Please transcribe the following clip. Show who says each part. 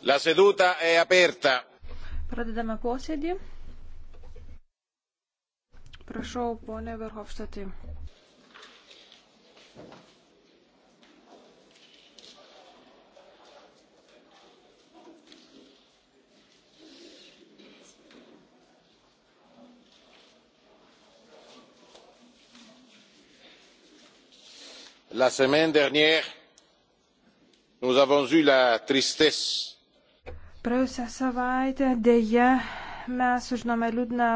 Speaker 1: La seduta è aperta.
Speaker 2: Pradedame posėdį. Prašau, ponė Verhofštatė.
Speaker 3: La semaine dernière,
Speaker 4: nous avons eu la tristesse
Speaker 5: Praėjusią
Speaker 6: savaitę dėje mes sužinome liūdną